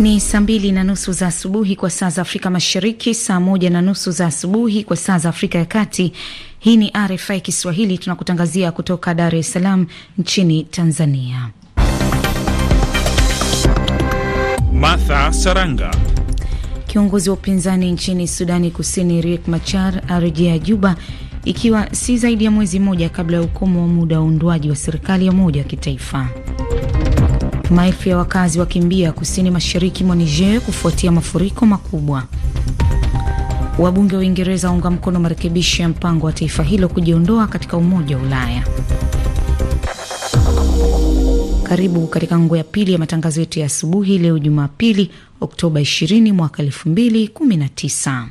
Ni saa mbili na nusu za asubuhi kwa saa za Afrika Mashariki, saa moja na nusu za asubuhi kwa saa za Afrika ya Kati. Hii ni RFI Kiswahili, tunakutangazia kutoka Dar es Salaam nchini Tanzania. Martha Saranga. Kiongozi wa upinzani nchini Sudani Kusini Riek Machar arejea Juba ikiwa si zaidi ya mwezi mmoja kabla ya ukomo wa muda wa uundwaji wa serikali ya umoja wa kitaifa. Maelfu ya wakazi wakimbia kusini mashariki mwa Niger kufuatia mafuriko makubwa. Wabunge wa Uingereza waunga mkono marekebisho ya mpango wa taifa hilo kujiondoa katika Umoja wa Ulaya. Karibu katika nguo ya pili ya matangazo yetu ya asubuhi leo Jumapili, Oktoba 20 mwaka 2019.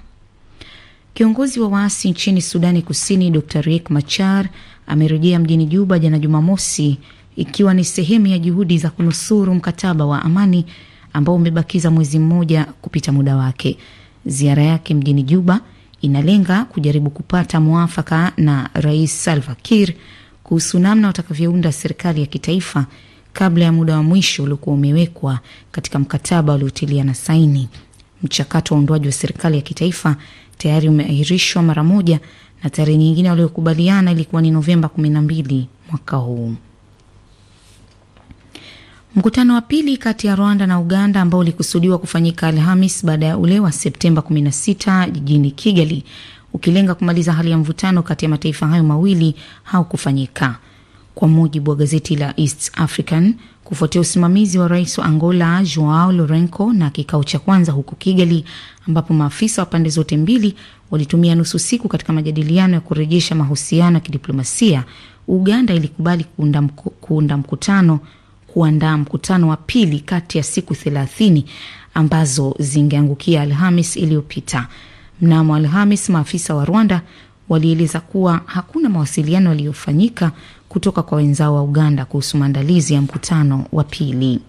Kiongozi wa waasi nchini Sudani Kusini Dr Riek Machar amerejea mjini Juba jana Jumamosi ikiwa ni sehemu ya juhudi za kunusuru mkataba wa amani ambao umebakiza mwezi mmoja kupita muda wake. Ziara yake mjini Juba inalenga kujaribu kupata mwafaka na Rais Salva Kiir kuhusu namna watakavyounda serikali ya kitaifa kabla ya muda wa mwisho uliokuwa umewekwa katika mkataba na saini. Mchakato wa uundwaji wa serikali ya kitaifa tayari umeahirishwa mara moja na tarehe nyingine waliokubaliana ilikuwa ni Novemba 12 mwaka huu. Mkutano wa pili kati ya Rwanda na Uganda ambao ulikusudiwa kufanyika Alhamis baada ya ule wa Septemba 16 jijini Kigali, ukilenga kumaliza hali ya mvutano kati ya mataifa hayo mawili haukufanyika, kwa mujibu wa gazeti la East African, kufuatia usimamizi wa rais wa Angola Joao Lourenco na kikao cha kwanza huko Kigali, ambapo maafisa wa pande zote mbili walitumia nusu siku katika majadiliano ya kurejesha mahusiano ya kidiplomasia. Uganda ilikubali kuunda, mku, kuunda mkutano kuandaa mkutano wa pili kati ya siku thelathini ambazo zingeangukia Alhamis iliyopita. Mnamo Alhamis, maafisa wa Rwanda walieleza kuwa hakuna mawasiliano yaliyofanyika kutoka kwa wenzao wa Uganda kuhusu maandalizi ya mkutano wa pili.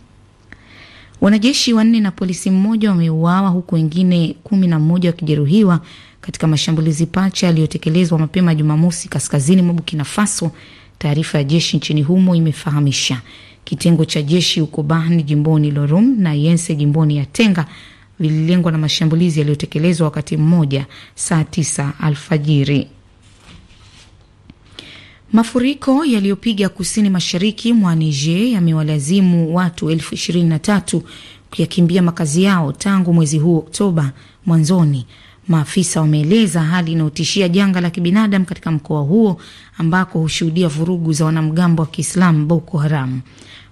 Wanajeshi wanne na polisi mmoja wameuawa huku wengine kumi na mmoja wakijeruhiwa katika mashambulizi pacha yaliyotekelezwa mapema Jumamosi kaskazini mwa bukina Faso, taarifa ya jeshi nchini humo imefahamisha. Kitengo cha jeshi huko Bahni jimboni Lorum na Yense jimboni ya Tenga vililengwa na mashambulizi yaliyotekelezwa wakati mmoja saa tisa alfajiri. Mafuriko yaliyopiga kusini mashariki mwa Niger yamewalazimu watu elfu ishirini na tatu kuyakimbia makazi yao tangu mwezi huu Oktoba mwanzoni. Maafisa wameeleza hali inayotishia janga la kibinadamu katika mkoa huo ambako hushuhudia vurugu za wanamgambo wa Kiislamu Boko Haram.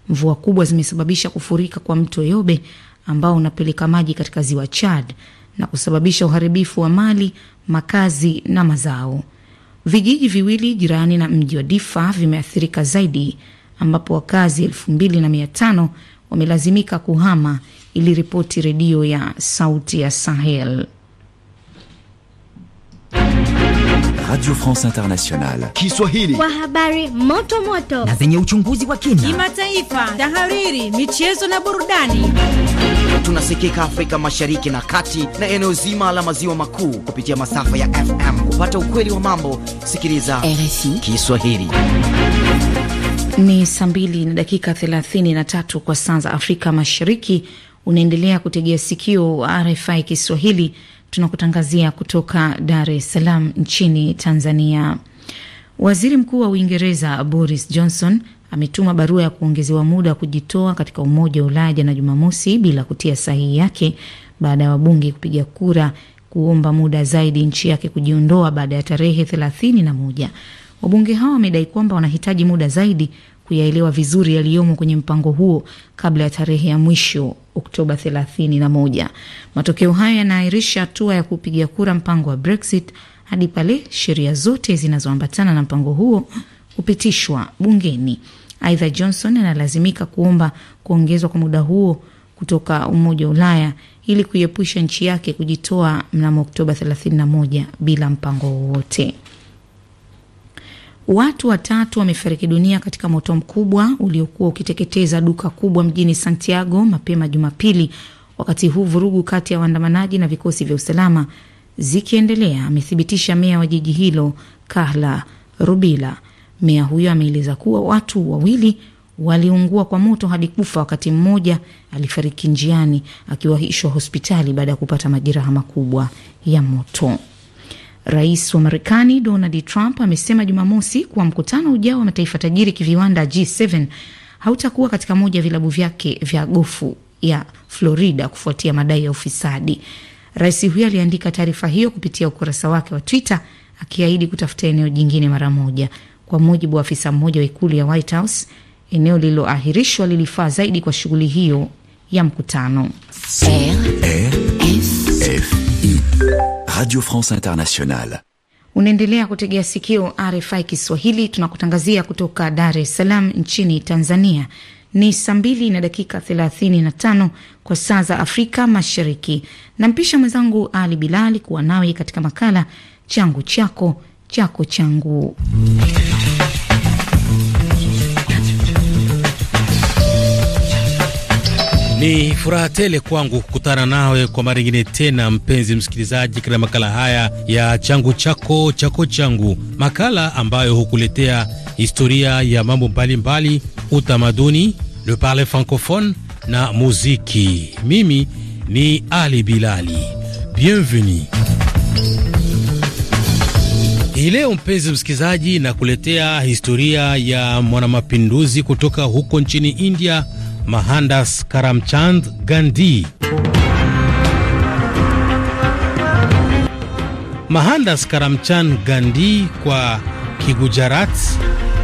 Mvua kubwa zimesababisha kufurika kwa mto Yobe ambao unapeleka maji katika ziwa Chad na kusababisha uharibifu wa mali, makazi na mazao. Vijiji viwili jirani na mji wa Difa vimeathirika zaidi, ambapo wakazi elfu mbili na mia tano wamelazimika kuhama, iliripoti redio ya Sauti ya Sahel. Radio France Internationale Kiswahili kwa habari moto moto na zenye uchunguzi wa kina, kimataifa, tahariri, michezo na burudani. Tunasikika Afrika Mashariki na Kati na eneo zima la maziwa makuu kupitia masafa ya FM. Kupata ukweli wa mambo, sikiliza RFI Kiswahili. Ni saa mbili na dakika 33 kwa saa za Afrika Mashariki. Unaendelea kutegea sikio RFI Kiswahili tunakutangazia kutoka Dar es Salaam nchini Tanzania. Waziri Mkuu wa Uingereza Boris Johnson ametuma barua ya kuongezewa muda wa kujitoa katika Umoja wa Ulaya jana Jumamosi bila kutia sahihi yake baada ya wabunge kupiga kura kuomba muda zaidi nchi yake kujiondoa baada ya tarehe thelathini na moja. Wabunge hao wamedai kwamba wanahitaji muda zaidi kuyaelewa vizuri yaliyomo kwenye mpango huo kabla ya tarehe ya mwisho Oktoba 31. Matokeo hayo yanaahirisha hatua ya kupiga kura mpango wa Brexit hadi pale sheria zote zinazoambatana na mpango huo kupitishwa bungeni. Aidha, Johnson analazimika kuomba kuongezwa kwa muda huo kutoka Umoja wa Ulaya ili kuiepusha nchi yake kujitoa mnamo Oktoba 31 bila mpango wowote. Watu watatu wamefariki dunia katika moto mkubwa uliokuwa ukiteketeza duka kubwa mjini Santiago mapema Jumapili, wakati huu vurugu kati ya waandamanaji na vikosi vya usalama zikiendelea, amethibitisha meya wa jiji hilo Carla Rubila. Meya huyo ameeleza kuwa watu wawili waliungua kwa moto hadi kufa, wakati mmoja alifariki njiani akiwahishwa hospitali baada ya kupata majeraha makubwa ya moto. Rais wa Marekani Donald Trump amesema Jumamosi kuwa mkutano ujao wa mataifa tajiri kiviwanda G7 hautakuwa katika moja ya vilabu vyake vya gofu ya Florida kufuatia madai ya ufisadi. Rais huyo aliandika taarifa hiyo kupitia ukurasa wake wa Twitter akiahidi kutafuta eneo jingine mara moja. Kwa mujibu wa afisa mmoja wa ikulu ya White House, eneo lililoahirishwa lilifaa zaidi kwa shughuli hiyo ya mkutano. RFI Radio France Internationale. Unaendelea kutegea sikio RFI Kiswahili, tunakutangazia kutoka Dar es Salaam nchini Tanzania. Ni saa mbili na dakika 35 kwa saa za Afrika Mashariki. Nampisha mwenzangu Ali Bilali kuwa nawe katika makala changu chako chako changu. Ni furaha tele kwangu kukutana nawe kwa mara nyingine tena, mpenzi msikilizaji, katika makala haya ya changu chako chako changu, makala ambayo hukuletea historia ya mambo mbalimbali, utamaduni, le parler francophone na muziki. Mimi ni Ali Bilali, bienvenue. Hii leo mpenzi msikilizaji, nakuletea historia ya mwanamapinduzi kutoka huko nchini India Mahandas Karamchand Gandhi. Mahandas Karamchand Gandhi kwa Kigujarat.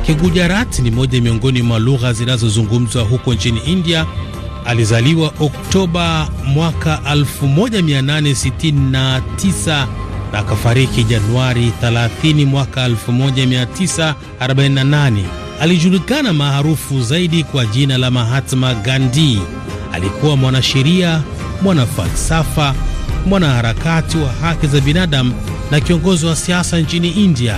Kigujarat ni moja miongoni mwa lugha zinazozungumzwa huko nchini India. Alizaliwa Oktoba mwaka 1869 na akafariki Januari 30 mwaka 1948 alijulikana maarufu zaidi kwa jina la Mahatma Gandhi. Alikuwa mwanasheria, mwanafalsafa, mwanaharakati wa haki za binadamu na kiongozi wa siasa nchini India.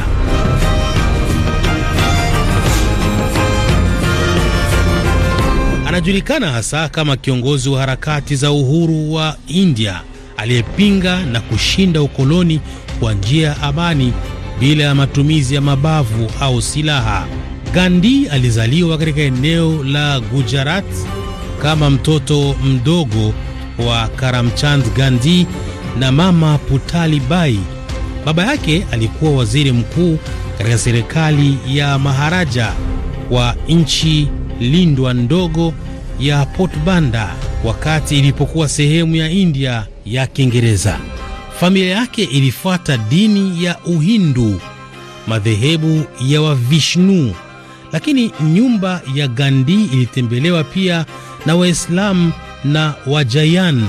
Anajulikana hasa kama kiongozi wa harakati za uhuru wa India aliyepinga na kushinda ukoloni kwa njia ya amani bila ya matumizi ya mabavu au silaha. Gandhi alizaliwa katika eneo la Gujarat kama mtoto mdogo wa Karamchand Gandhi na mama Putali Bai. Baba yake alikuwa waziri mkuu katika serikali ya maharaja wa nchi lindwa ndogo ya Port Banda wakati ilipokuwa sehemu ya India ya Kiingereza. Familia yake ilifuata dini ya Uhindu, madhehebu ya Wavishnu lakini nyumba ya Gandhi ilitembelewa pia na Waislamu na Wajayan.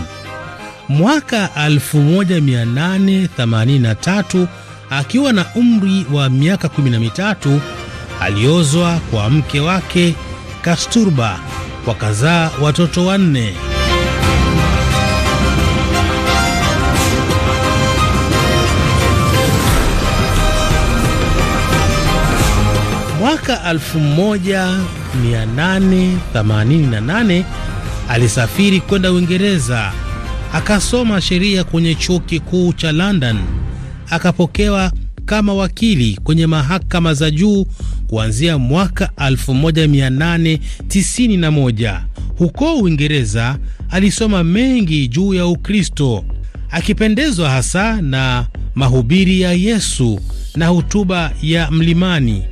Mwaka 1883 akiwa na umri wa miaka 13 aliozwa kwa mke wake Kasturba, wakazaa watoto wanne. Mwaka 1888 alisafiri kwenda Uingereza, akasoma sheria kwenye chuo kikuu cha London, akapokewa kama wakili kwenye mahakama za juu kuanzia mwaka 1891. Huko Uingereza alisoma mengi juu ya Ukristo, akipendezwa hasa na mahubiri ya Yesu na hotuba ya mlimani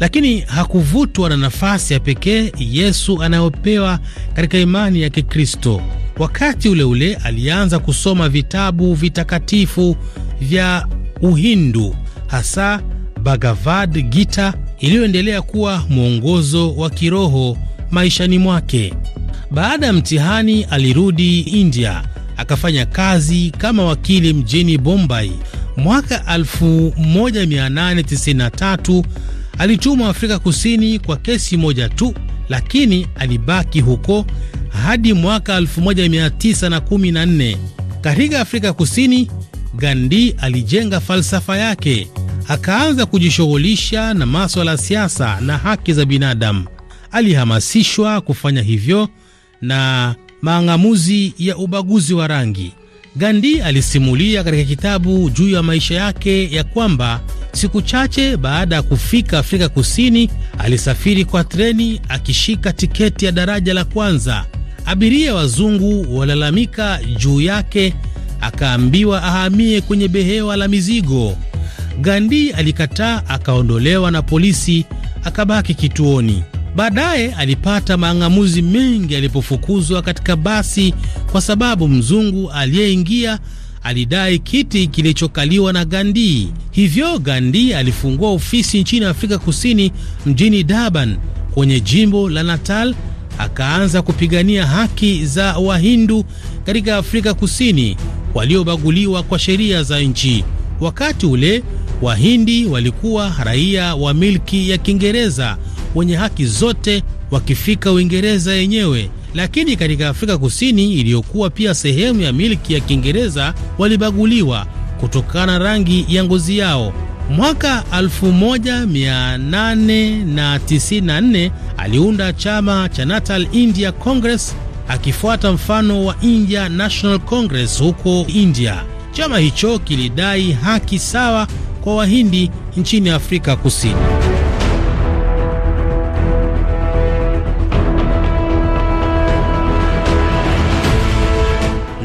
lakini hakuvutwa na nafasi ya pekee Yesu anayopewa katika imani ya Kikristo. Wakati ule ule alianza kusoma vitabu vitakatifu vya Uhindu, hasa Bhagavad Gita iliyoendelea kuwa mwongozo wa kiroho maishani mwake. Baada ya mtihani, alirudi India akafanya kazi kama wakili mjini Bombay. Mwaka 1893 alitumwa Afrika Kusini kwa kesi moja tu, lakini alibaki huko hadi mwaka 1914. Katika Afrika Kusini, Gandhi alijenga falsafa yake, akaanza kujishughulisha na maswala ya siasa na haki za binadamu. Alihamasishwa kufanya hivyo na maang'amuzi ya ubaguzi wa rangi. Gandhi alisimulia katika kitabu juu ya maisha yake ya kwamba siku chache baada ya kufika Afrika Kusini alisafiri kwa treni akishika tiketi ya daraja la kwanza. Abiria wazungu walalamika juu yake, akaambiwa ahamie kwenye behewa la mizigo. Gandhi alikataa, akaondolewa na polisi, akabaki kituoni. Baadaye alipata maang'amuzi mengi alipofukuzwa katika basi kwa sababu mzungu aliyeingia alidai kiti kilichokaliwa na Gandhi. Hivyo Gandhi alifungua ofisi nchini Afrika Kusini mjini Durban kwenye jimbo la Natal, akaanza kupigania haki za Wahindu katika Afrika Kusini waliobaguliwa kwa sheria za nchi. Wakati ule Wahindi walikuwa raia wa milki ya Kiingereza wenye haki zote wakifika Uingereza yenyewe. Lakini katika Afrika Kusini iliyokuwa pia sehemu ya milki ya Kiingereza walibaguliwa kutokana na rangi ya ngozi yao. Mwaka 1894 aliunda chama cha Natal India Congress akifuata mfano wa India National Congress huko India. Chama hicho kilidai haki sawa kwa Wahindi nchini Afrika Kusini.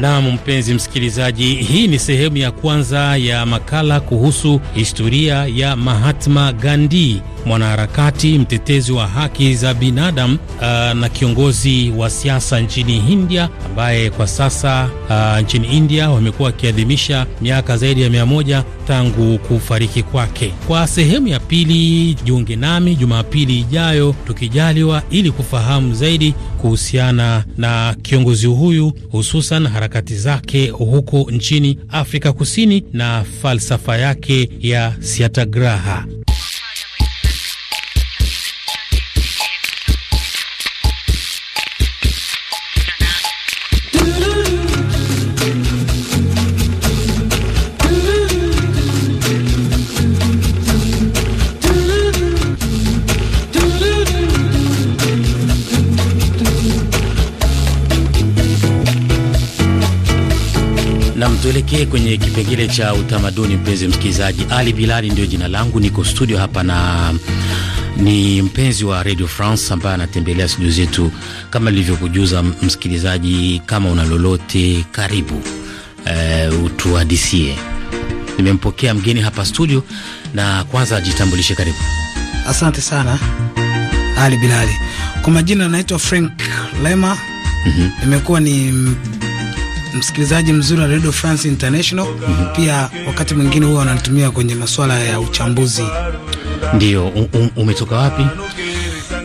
Naam, mpenzi msikilizaji, hii ni sehemu ya kwanza ya makala kuhusu historia ya Mahatma Gandhi, mwanaharakati mtetezi wa haki za binadamu uh, na kiongozi wa siasa nchini India, ambaye kwa sasa uh, nchini India wamekuwa wakiadhimisha miaka zaidi ya mia moja tangu kufariki kwake. Kwa sehemu ya pili, jiunge nami Jumapili ijayo tukijaliwa, ili kufahamu zaidi kuhusiana na kiongozi huyu, hususan harakati zake huko nchini Afrika Kusini na falsafa yake ya siatagraha. Tuelekee kwenye kipengele cha utamaduni, mpenzi msikilizaji. Ali Bilali ndio jina langu, niko studio hapa na ni mpenzi wa Radio France ambaye anatembelea studio zetu. Kama nilivyokujuza msikilizaji, kama una lolote, karibu e, utuhadisie. Nimempokea mgeni hapa studio, na kwanza ajitambulishe. Karibu. Asante sana Ali Bilali. Kwa majina anaitwa Frank Lema. mm -hmm. ni msikilizaji mzuri wa Radio France International. mm -hmm. Pia wakati mwingine huwa wanatumia kwenye masuala ya uchambuzi. Ndio, um, umetoka wapi?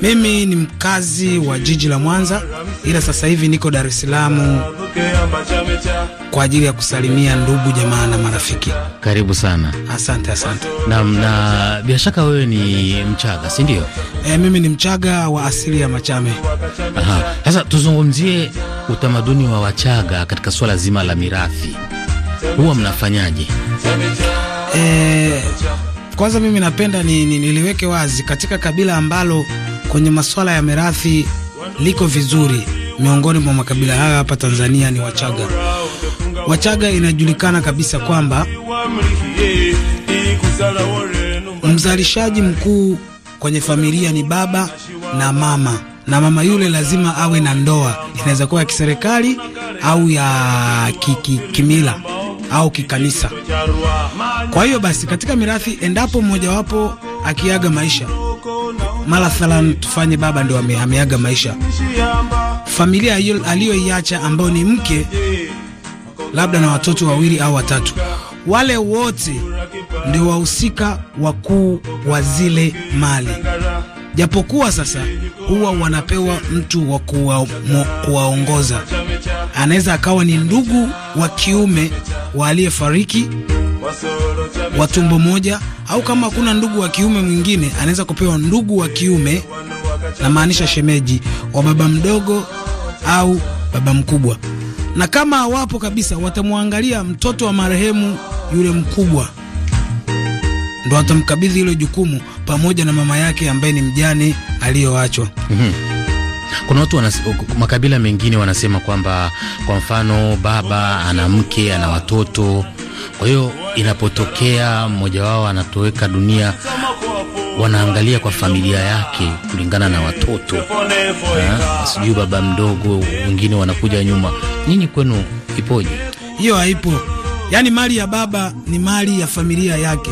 Mimi ni mkazi wa jiji la Mwanza, ila sasa hivi niko Dar es Salaam kwa ajili ya kusalimia ndugu jamaa na marafiki. Karibu sana, asante asante. Naam, na bila shaka wewe ni Mchaga, si ndio? E, mimi ni Mchaga wa asili ya Machame. Aha, sasa tuzungumzie utamaduni wa Wachaga katika swala zima la mirathi, huwa mnafanyaje? E, kwanza mimi napenda ni, ni, niliweke wazi katika kabila ambalo kwenye masuala ya mirathi liko vizuri Miongoni mwa makabila haya hapa Tanzania ni Wachaga. Wachaga inajulikana kabisa kwamba mzalishaji mkuu kwenye familia ni baba na mama, na mama yule lazima awe na ndoa, inaweza kuwa ya kiserikali au ya kimila au kikanisa. Kwa hiyo basi, katika mirathi, endapo mmojawapo akiaga maisha, mathalan tufanye baba ndio ameaga maisha familia aliyoiacha ambayo ni mke labda na watoto wawili au watatu, wale wote ndio wahusika wakuu wa zile mali, japokuwa sasa huwa wanapewa mtu wa kuwaongoza. Anaweza akawa ni ndugu wa kiume wa aliyefariki wa tumbo moja, au kama hakuna ndugu wa kiume mwingine, anaweza kupewa ndugu wa kiume, namaanisha shemeji wa baba mdogo au baba mkubwa, na kama hawapo kabisa, watamwangalia mtoto wa marehemu yule mkubwa, ndo atamkabidhi hilo jukumu pamoja na mama yake ambaye ni mjane aliyoachwa. mm -hmm. Kuna watu wanas, makabila mengine wanasema kwamba kwa mfano baba ana mke ana watoto, kwa hiyo inapotokea mmoja wao anatoweka dunia, wanaangalia kwa familia yake kulingana na watoto, ah, sijui baba mdogo, wengine wanakuja nyuma. nyinyi kwenu ipoje? Hiyo haipo, yaani mali ya baba ni mali ya familia yake,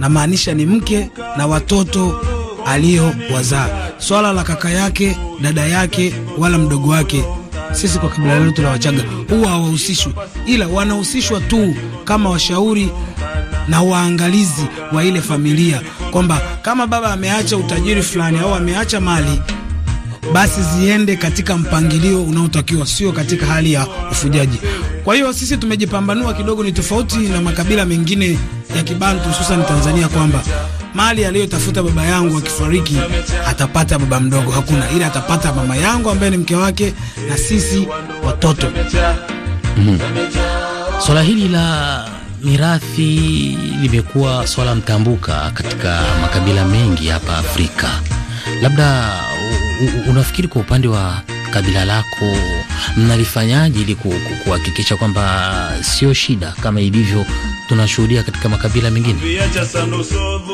na maanisha ni mke na watoto aliyowazaa. Swala la kaka yake, dada yake, wala mdogo wake sisi kwa kabila letu la Wachaga huwa hawahusishwi, ila wanahusishwa tu kama washauri na waangalizi wa ile familia kwamba kama baba ameacha utajiri fulani au ameacha mali basi ziende katika mpangilio unaotakiwa, sio katika hali ya ufujaji. Kwa hiyo sisi tumejipambanua kidogo, ni tofauti na makabila mengine ya Kibantu hususan Tanzania, kwamba mali aliyotafuta baba yangu akifariki atapata baba mdogo, hakuna ila atapata mama yangu ambaye ni mke wake na sisi watoto. mm -hmm. Swala hili la mirathi limekuwa swala mtambuka katika makabila mengi hapa Afrika. Labda unafikiri kwa upande wa kabila lako mnalifanyaje ili kuhakikisha kwamba sio shida kama ilivyo tunashuhudia katika makabila mengine?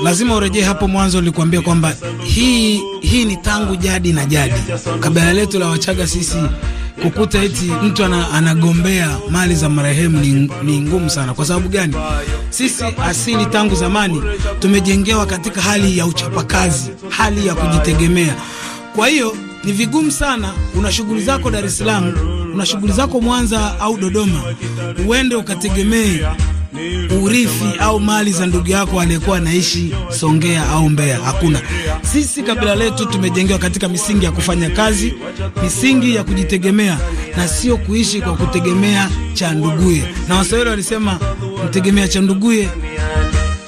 Lazima urejee hapo mwanzo, ulikuambia kwamba hii hii ni tangu jadi na jadi. Kabila letu la Wachaga sisi kukuta eti mtu anagombea mali za marehemu ni, ni ngumu sana. Kwa sababu gani? Sisi asili tangu zamani tumejengewa katika hali ya uchapakazi, hali ya kujitegemea. Kwa hiyo ni vigumu sana, una shughuli zako Dar es Salaam, una shughuli zako Mwanza au Dodoma, uende ukategemee urithi au mali za ndugu yako aliyekuwa anaishi Songea au Mbeya. Hakuna. Sisi kabila letu tumejengewa katika misingi ya kufanya kazi, misingi ya kujitegemea na sio kuishi kwa kutegemea cha nduguye, na Waswahili walisema mtegemea cha nduguye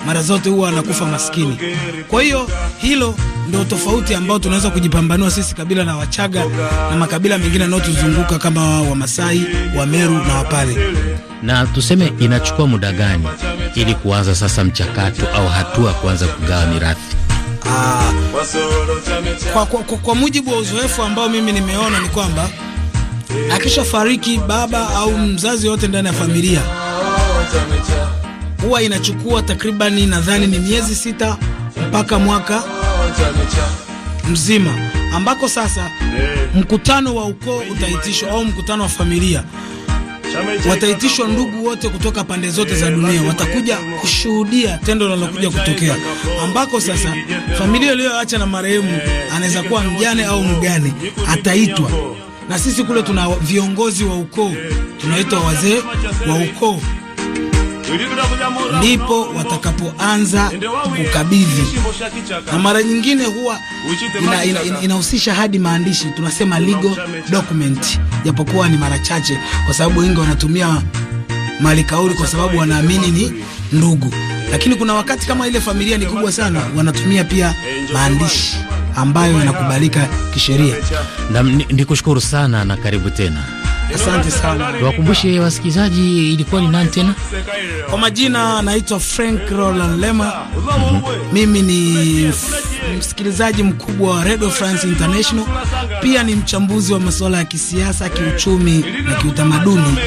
mara zote huwa anakufa maskini. Kwa hiyo hilo ndio tofauti ambao tunaweza kujipambanua sisi kabila la Wachaga na makabila mengine yanayotuzunguka kama Wamasai, Wameru na Wapare. Na tuseme inachukua muda gani ili kuanza sasa mchakato au hatua kuanza kugawa mirathi? Aa, ah, kwa, kwa, kwa, kwa mujibu wa uzoefu ambao mimi nimeona ni kwamba akishafariki baba au mzazi yote ndani ya familia huwa inachukua takribani nadhani ni miezi sita mpaka mwaka mzima, ambako sasa mkutano wa ukoo utaitishwa au mkutano wa familia wataitishwa ndugu wote kutoka pande zote za dunia, watakuja kushuhudia tendo linalokuja kutokea, ambako sasa familia iliyoacha na marehemu anaweza kuwa mjane au mgani, ataitwa na sisi kule tuna viongozi wa ukoo, tunaitwa wazee wa ukoo ndipo watakapoanza kukabidhi, na mara nyingine huwa inahusisha ina, ina, ina hadi maandishi, tunasema legal document, japokuwa ni mara chache, kwa sababu wengi wanatumia kauli kwa sababu wanaamini ni ndugu, lakini kuna wakati kama ile familia ni kubwa sana, wanatumia pia maandishi ambayo yanakubalika kisheria. Nikushukuru sana na karibu tena. Asante sana. Wakumbushe wasikilizaji, ilikuwa ni nani tena? Kwa majina naitwa Frank Roland Lema. Mimi ni msikilizaji mkubwa wa Radio France International, pia ni mchambuzi wa masuala ya kisiasa, kiuchumi na kiutamaduni.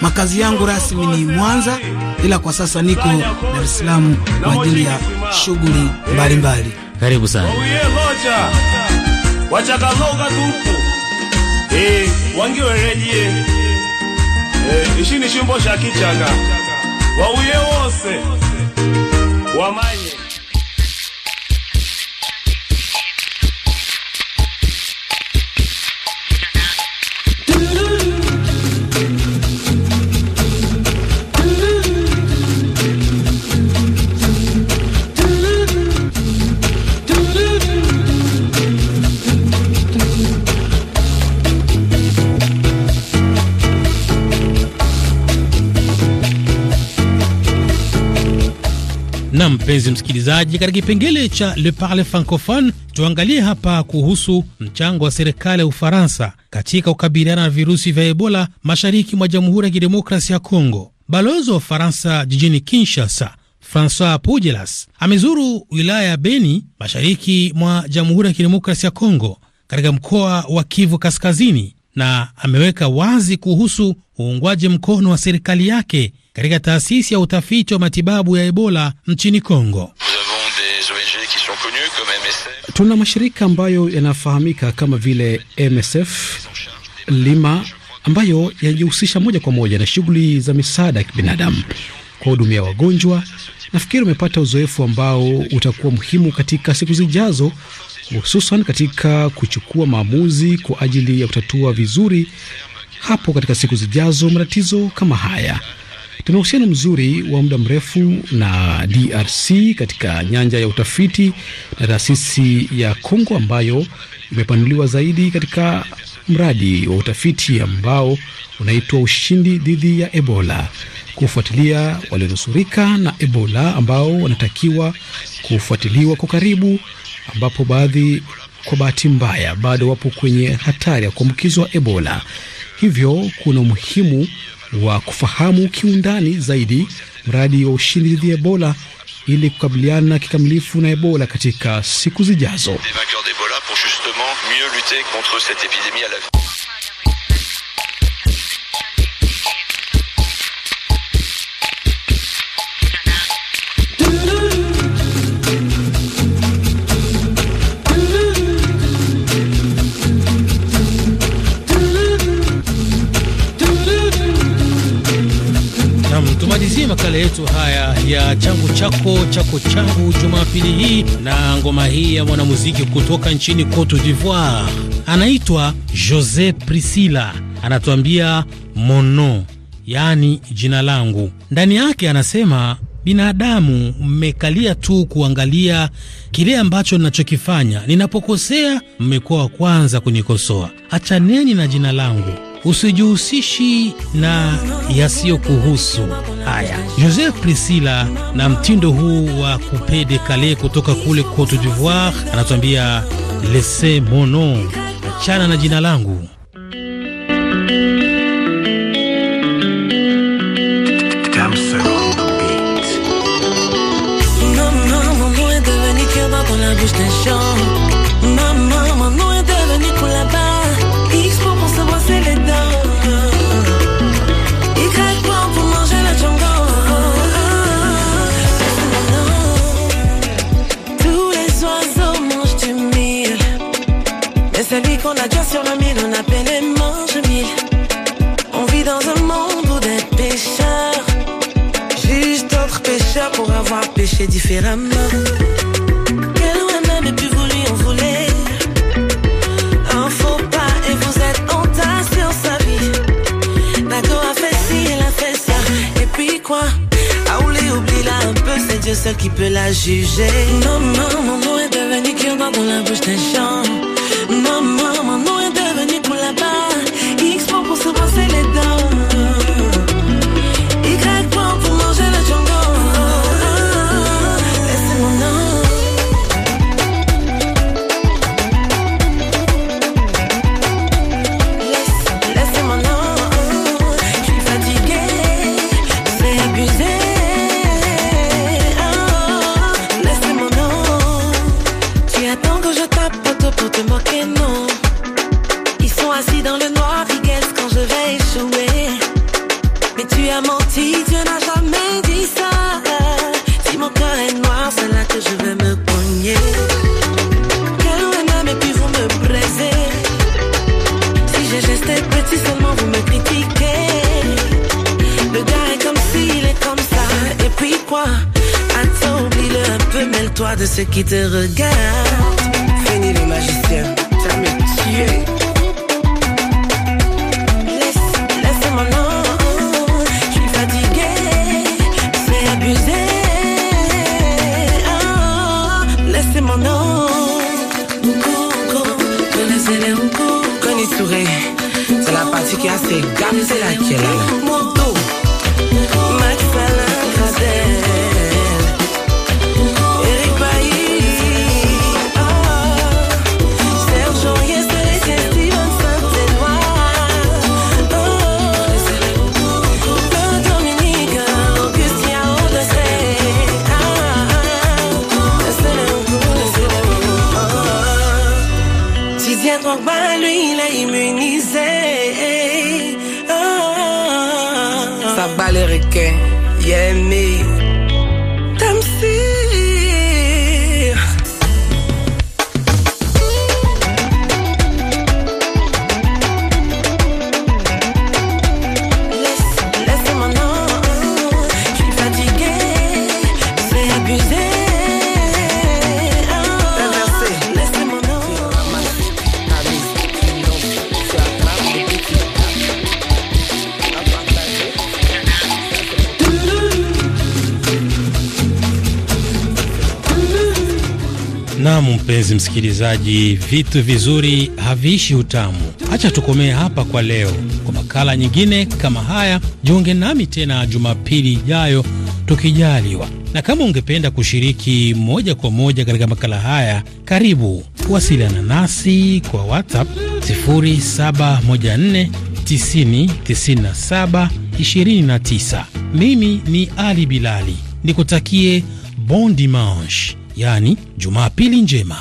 Makazi yangu rasmi ni Mwanza, ila kwa sasa niko Dar es Salaam kwa ajili ya shughuli mbalimbali. Karibu sana. Oh wangiwereje eh, ishini shimbo sha kichaka wauye wose wamanye Mpenzi msikilizaji, katika kipengele cha Le Parle Francophone tuangalie hapa kuhusu mchango wa serikali ya Ufaransa katika kukabiliana na virusi vya Ebola mashariki mwa Jamhuri ya Kidemokrasia ya Kongo. Balozi wa Ufaransa jijini Kinshasa Francois Pujelas amezuru wilaya ya Beni mashariki mwa Jamhuri ya Kidemokrasia ya Kongo katika mkoa wa Kivu Kaskazini, na ameweka wazi kuhusu uungwaji mkono wa serikali yake katika taasisi ya utafiti wa matibabu ya Ebola nchini Kongo. Tuna mashirika ambayo yanafahamika kama vile MSF Lima ambayo yanajihusisha moja kwa moja na shughuli za misaada ya kibinadamu kwa hudumia wagonjwa. Nafikiri umepata uzoefu ambao utakuwa muhimu katika siku zijazo, hususan katika kuchukua maamuzi kwa ajili ya kutatua vizuri hapo katika siku zijazo matatizo kama haya. Tuna uhusiano mzuri wa muda mrefu na DRC katika nyanja ya utafiti na taasisi ya Kongo ambayo imepanuliwa zaidi katika mradi wa utafiti ambao unaitwa Ushindi dhidi ya Ebola, kufuatilia walionusurika na Ebola ambao wanatakiwa kufuatiliwa kwa karibu, ambapo baadhi kwa bahati mbaya bado wapo kwenye hatari ya kuambukizwa Ebola. Hivyo kuna umuhimu wa kufahamu kiundani zaidi mradi wa ushindi dhidi ya Ebola ili kukabiliana kikamilifu na Ebola katika siku zijazo. tumalizie makala yetu haya ya changu chako chako changu Jumapili hii na ngoma hii ya mwanamuziki kutoka nchini Cote d'Ivoire, anaitwa Jose Priscilla, anatuambia mono, yaani jina langu. Ndani yake anasema binadamu mmekalia tu kuangalia kile ambacho ninachokifanya. Ninapokosea mmekuwa wa kwanza kunikosoa. Achaneni na jina langu, usijihusishi na yasiyokuhusu. Haya, Joseph Priscilla na mtindo huu wa kupede kale kutoka kule Cote d'Ivoire anatuambia lese mono, achana na jina langu. Pêcher péché différemment. Quel même même pu voulu en voler. Un faux pas et vous êtes entassé sur sa vie. D'accord a fait ci, elle a fait ça. Et puis quoi? A voulu oublier là un peu, c'est Dieu seul qui peut la juger. Non, non, mon nom est devenu cure dans la bouche des gens. Non, non, mon nom est devenu pour là-bas. X pour se brosser les dents. Ils sont assis dans le noir, ils quand je vais échouer. Mais tu as menti, Dieu n'a jamais dit ça. Si mon cœur est noir, c'est là que je vais me cogner. Quel homme et puis vous me briser. Si j'ai gesté petit, seulement vous me critiquez. Le gars est comme s'il est comme ça. Et puis quoi? Attends, oublie-le un peu, mêle-toi de ceux qui te regardent Laissez-moi, non, je suis fatigué, c'est abusé. Ah, Laissez-moi, non, connaissez-les, connaissez-les, connaissez-les. C'est la partie qui a ses gars, mais c'est laquelle? Naam, mpenzi msikilizaji, vitu vizuri haviishi utamu. Acha tukomee hapa kwa leo. Kwa makala nyingine kama haya, jiunge nami tena Jumapili ijayo tukijaliwa. Na kama ungependa kushiriki moja kwa moja katika makala haya, karibu kuwasiliana nasi kwa WhatsApp 0714 90 Mimi ni Ali Bilali, nikutakie bon dimanche yaani Jumapili njema.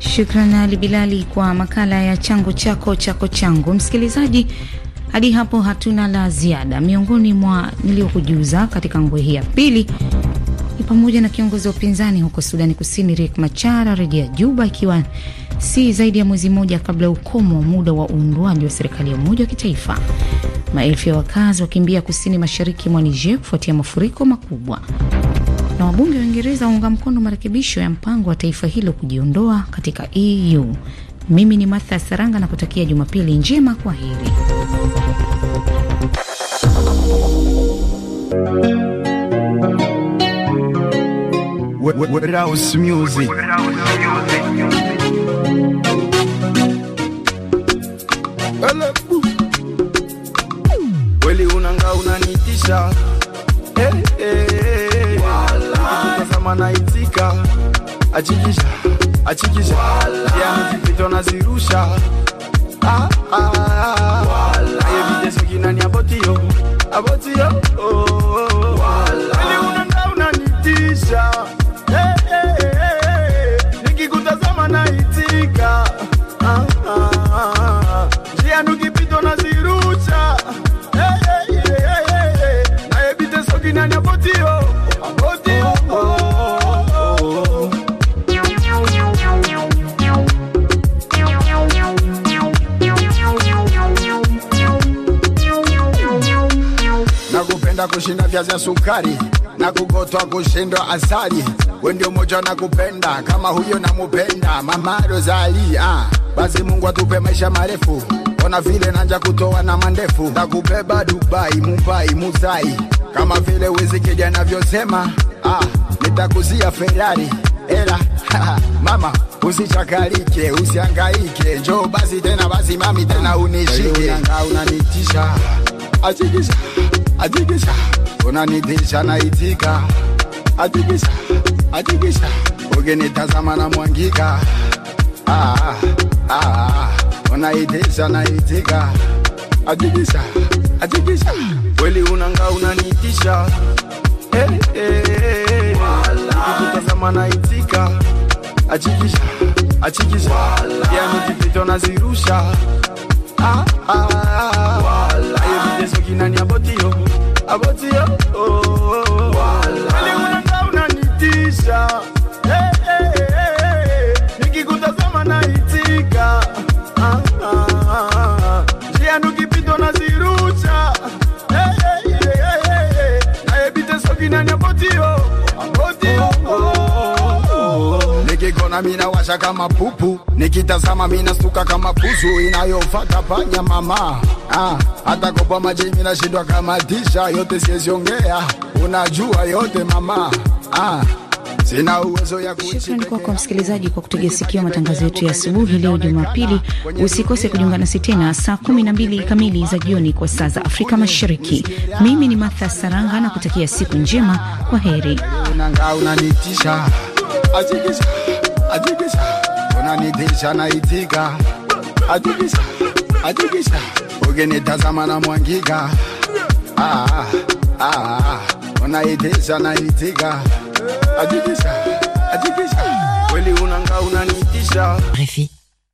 Shukran Ali Bilali kwa makala ya changu chako chako changu. Msikilizaji, hadi hapo hatuna la ziada. Miongoni mwa niliyokujuza katika ngwe hii ya pili ni pamoja na kiongozi wa upinzani huko Sudani Kusini Riek Machar arejea Juba ikiwa si zaidi ya mwezi mmoja kabla ya ukomo wa muda wa uundwaji wa serikali ya umoja wa kitaifa. Maelfu ya wakazi wakimbia kusini mashariki mwa Niger kufuatia mafuriko makubwa, na wabunge wa Uingereza waunga mkono marekebisho ya mpango wa taifa hilo kujiondoa katika EU. Mimi ni Martha Saranga na kutakia Jumapili njema, kwa heri. Kweli unanga unanitisha, hey, hey, hey. Wala, naitika achikisha achikisha ya yeah, vitu nazirusha ah, ah, ah. aye viteso kinani abotio abotio oh, oh, oh. Eli unaenda unanitisha hey, eh, eh, hey, eh. hey, nikikutazama naitika ah, ah, nazirusha hey, hey, hey, hey, hey. aye viteso kinani abotio kushinda vyazi ya sukari na kugotwa kushindwa asali. We ndio moja na kupenda kama huyo namupenda mama Ah, Basi Mungu atupe maisha marefu, ona vile nanja kutoa na mandefu, na kubeba Dubai, Mumbai, Muzai, kama vile wezi kija navyosema. Ah, nitakuzia Ferrari era mama usichakalike, usiangaike, njo basi tena, basi mami tena unishike, unanitisha achikisha atikisa, unanitisha naitika, atikisa, atikisa, ukinitazama na mwangika, ah, ah, unaitisha naitika, atikisa, atikisa, kweli unanga unanitisha, eh, eh, ukinitazama naitika, atikisha, atikisha, pia nikipita nazirusha ah ah. you on your body, yo, body, yo, oh. down hey hey hey hey. ah ah ah. hey hey hey hey. on your body. mina washa kama pupu, nikitazama mina suka kama pusu inayofata panya mama. Ah, hata kopa maji mina shindwa kama disha, yote siwezi ongea, unajua yote mama. Ah, Sina uwezo ya kuishi. Shukrani kwako msikilizaji kwa kutegea sikio matangazo yetu ya asubuhi leo Jumapili. Usikose kujiunga nasi tena saa 12 kamili za jioni kwa saa za Afrika Mashariki. Mimi ni Martha Saranga na kutakia siku njema. Kwa heri ajikisha unanitisha na itika ajikisha ajikisha ukinitazama na mwangika ah, ah, unaitisha ah, ah, na itika ajikisha ajikisha kweli unanga unanitisha Refi.